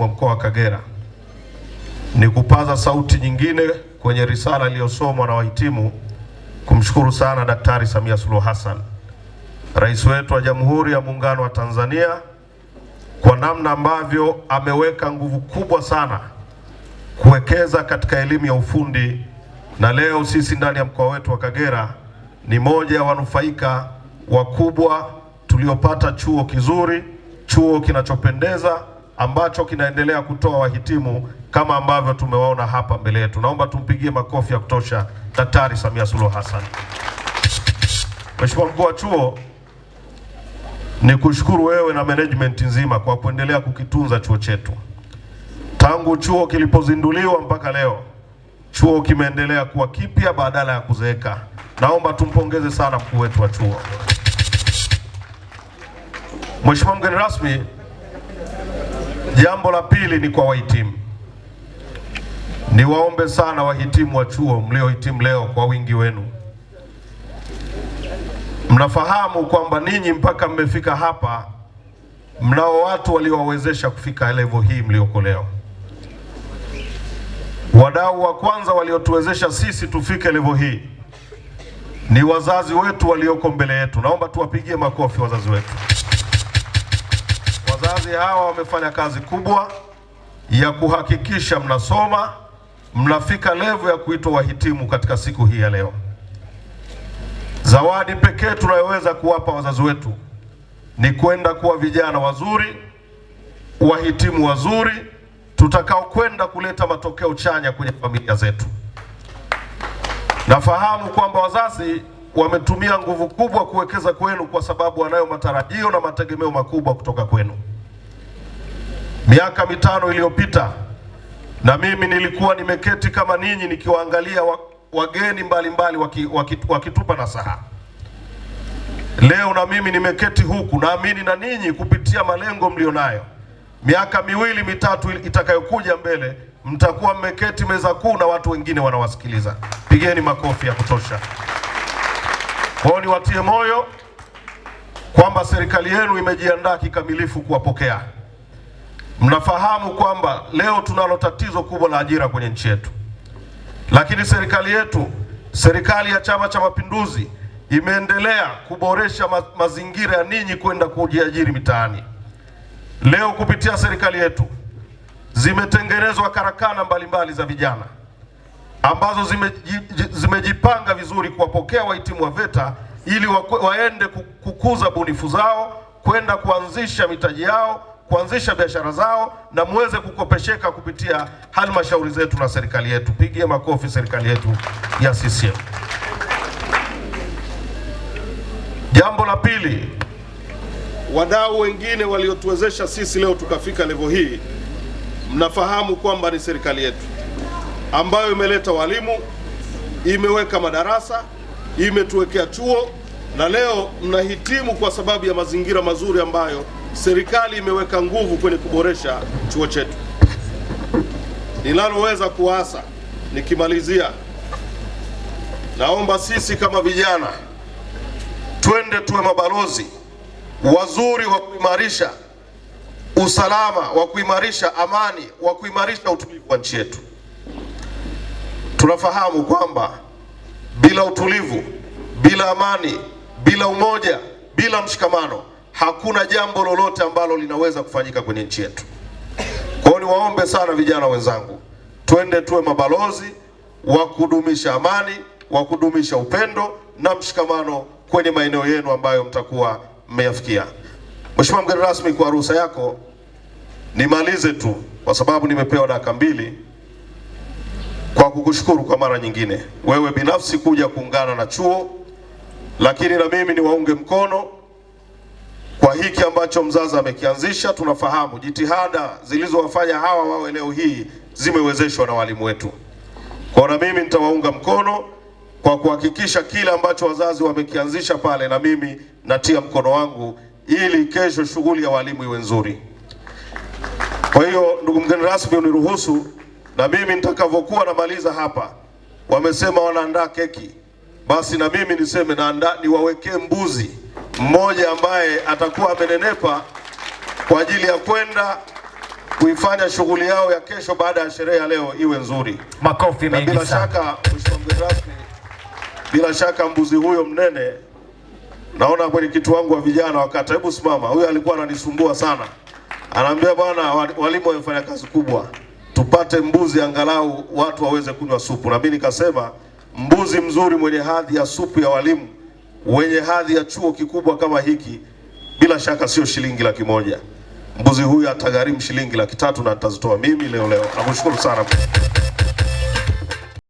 wa mkoa wa Kagera ni kupaza sauti nyingine kwenye risala iliyosomwa na wahitimu, kumshukuru sana Daktari Samia Suluhu Hassan, rais wetu wa Jamhuri ya Muungano wa Tanzania, kwa namna ambavyo ameweka nguvu kubwa sana kuwekeza katika elimu ya ufundi, na leo sisi ndani ya mkoa wetu wa Kagera ni moja ya wanufaika wakubwa tuliopata chuo kizuri, chuo kinachopendeza ambacho kinaendelea kutoa wahitimu kama ambavyo tumewaona hapa mbele yetu. Naomba tumpigie makofi ya kutosha Daktari Samia Suluhu Hassan. Mheshimiwa mkuu wa chuo, ni kushukuru wewe na management nzima kwa kuendelea kukitunza chuo chetu. Tangu chuo kilipozinduliwa mpaka leo, chuo kimeendelea kuwa kipya badala ya kuzeeka. Naomba tumpongeze sana mkuu wetu wa chuo. Mheshimiwa mgeni rasmi Jambo la pili ni kwa wahitimu. Niwaombe sana wahitimu wa chuo mliohitimu leo kwa wingi wenu. Mnafahamu kwamba ninyi mpaka mmefika hapa mnao watu waliowawezesha kufika level hii mlioko leo. Wadau wa kwanza waliotuwezesha sisi tufike level hii ni wazazi wetu walioko mbele yetu. Naomba tuwapigie makofi wazazi wetu wazee hawa wamefanya kazi kubwa ya kuhakikisha mnasoma mnafika levu ya kuitwa wahitimu katika siku hii ya leo. Zawadi pekee tunayoweza kuwapa wazazi wetu ni kwenda kuwa vijana wazuri, wahitimu wazuri, tutakao kwenda kuleta matokeo chanya kwenye familia zetu. Nafahamu kwamba wazazi wametumia nguvu kubwa kuwekeza kwenu, kwa sababu wanayo matarajio na mategemeo makubwa kutoka kwenu. Miaka mitano iliyopita na mimi nilikuwa nimeketi kama ninyi nikiwaangalia wageni mbalimbali wakitupa nasaha. Leo na mimi nimeketi huku, naamini na ninyi kupitia malengo mlionayo, miaka miwili mitatu itakayokuja mbele, mtakuwa mmeketi meza kuu na watu wengine wanawasikiliza. Pigeni makofi ya kutosha. Kwao niwatie moyo kwamba serikali yenu imejiandaa kikamilifu kuwapokea. Mnafahamu kwamba leo tunalo tatizo kubwa la ajira kwenye nchi yetu, lakini serikali yetu, serikali ya Chama cha Mapinduzi imeendelea kuboresha ma mazingira ya ninyi kwenda kujiajiri mitaani. Leo kupitia serikali yetu zimetengenezwa karakana mbalimbali za vijana ambazo zimejipanga vizuri kuwapokea wahitimu wa VETA ili waende kukuza bunifu zao kwenda kuanzisha mitaji yao kuanzisha biashara zao na muweze kukopesheka kupitia halmashauri zetu na serikali yetu. Pigie makofi serikali yetu ya CCM. Jambo la pili, wadau wengine waliotuwezesha sisi leo tukafika levo hii, mnafahamu kwamba ni serikali yetu ambayo imeleta walimu, imeweka madarasa, imetuwekea chuo na leo mnahitimu kwa sababu ya mazingira mazuri ambayo serikali imeweka nguvu kwenye kuboresha chuo chetu. Ninaloweza kuasa, nikimalizia, naomba sisi kama vijana twende tuwe mabalozi wazuri wa kuimarisha usalama, wa kuimarisha amani, wa kuimarisha utulivu wa nchi yetu. Tunafahamu kwamba bila utulivu, bila amani, bila umoja, bila mshikamano hakuna jambo lolote ambalo linaweza kufanyika kwenye nchi yetu. Kwa hiyo niwaombe sana vijana wenzangu, twende tuwe mabalozi wa kudumisha amani, wa kudumisha upendo na mshikamano kwenye maeneo yenu ambayo mtakuwa mmeyafikia. Mheshimiwa mgeni rasmi, kwa ruhusa yako nimalize tu kwa sababu nimepewa dakika mbili, kwa kukushukuru kwa mara nyingine, wewe binafsi kuja kuungana na chuo, lakini na mimi niwaunge mkono kwa hiki ambacho mzazi amekianzisha, tunafahamu jitihada zilizowafanya hawa wawe leo hii zimewezeshwa na walimu wetu. Kwa na mimi nitawaunga mkono kwa kuhakikisha kile ambacho wazazi wamekianzisha pale, na mimi natia mkono wangu ili kesho shughuli ya walimu iwe nzuri. Kwa hiyo, ndugu mgeni rasmi, uniruhusu na mimi nitakavyokuwa namaliza hapa. Wamesema wanaandaa keki, basi na mimi niseme naandaa, niwawekee mbuzi mmoja ambaye atakuwa amenenepa kwa ajili ya kwenda kuifanya shughuli yao ya kesho baada ya sherehe ya leo iwe nzuri. Makofi mengi sana. Bila shaka mheshimiwa rasmi, bila shaka mbuzi huyo mnene, naona kwenye kitu wangu wa vijana wakata, hebu simama, huyo alikuwa ananisumbua sana, anaambia bwana, walimu wamefanya kazi kubwa, tupate mbuzi angalau watu waweze kunywa supu, na mimi nikasema mbuzi mzuri mwenye hadhi ya supu ya walimu wenye hadhi ya chuo kikubwa kama hiki, bila shaka sio shilingi laki moja. Mbuzi huyu atagharimu shilingi laki tatu na atazitoa mimi leo leo. Nakushukuru sana.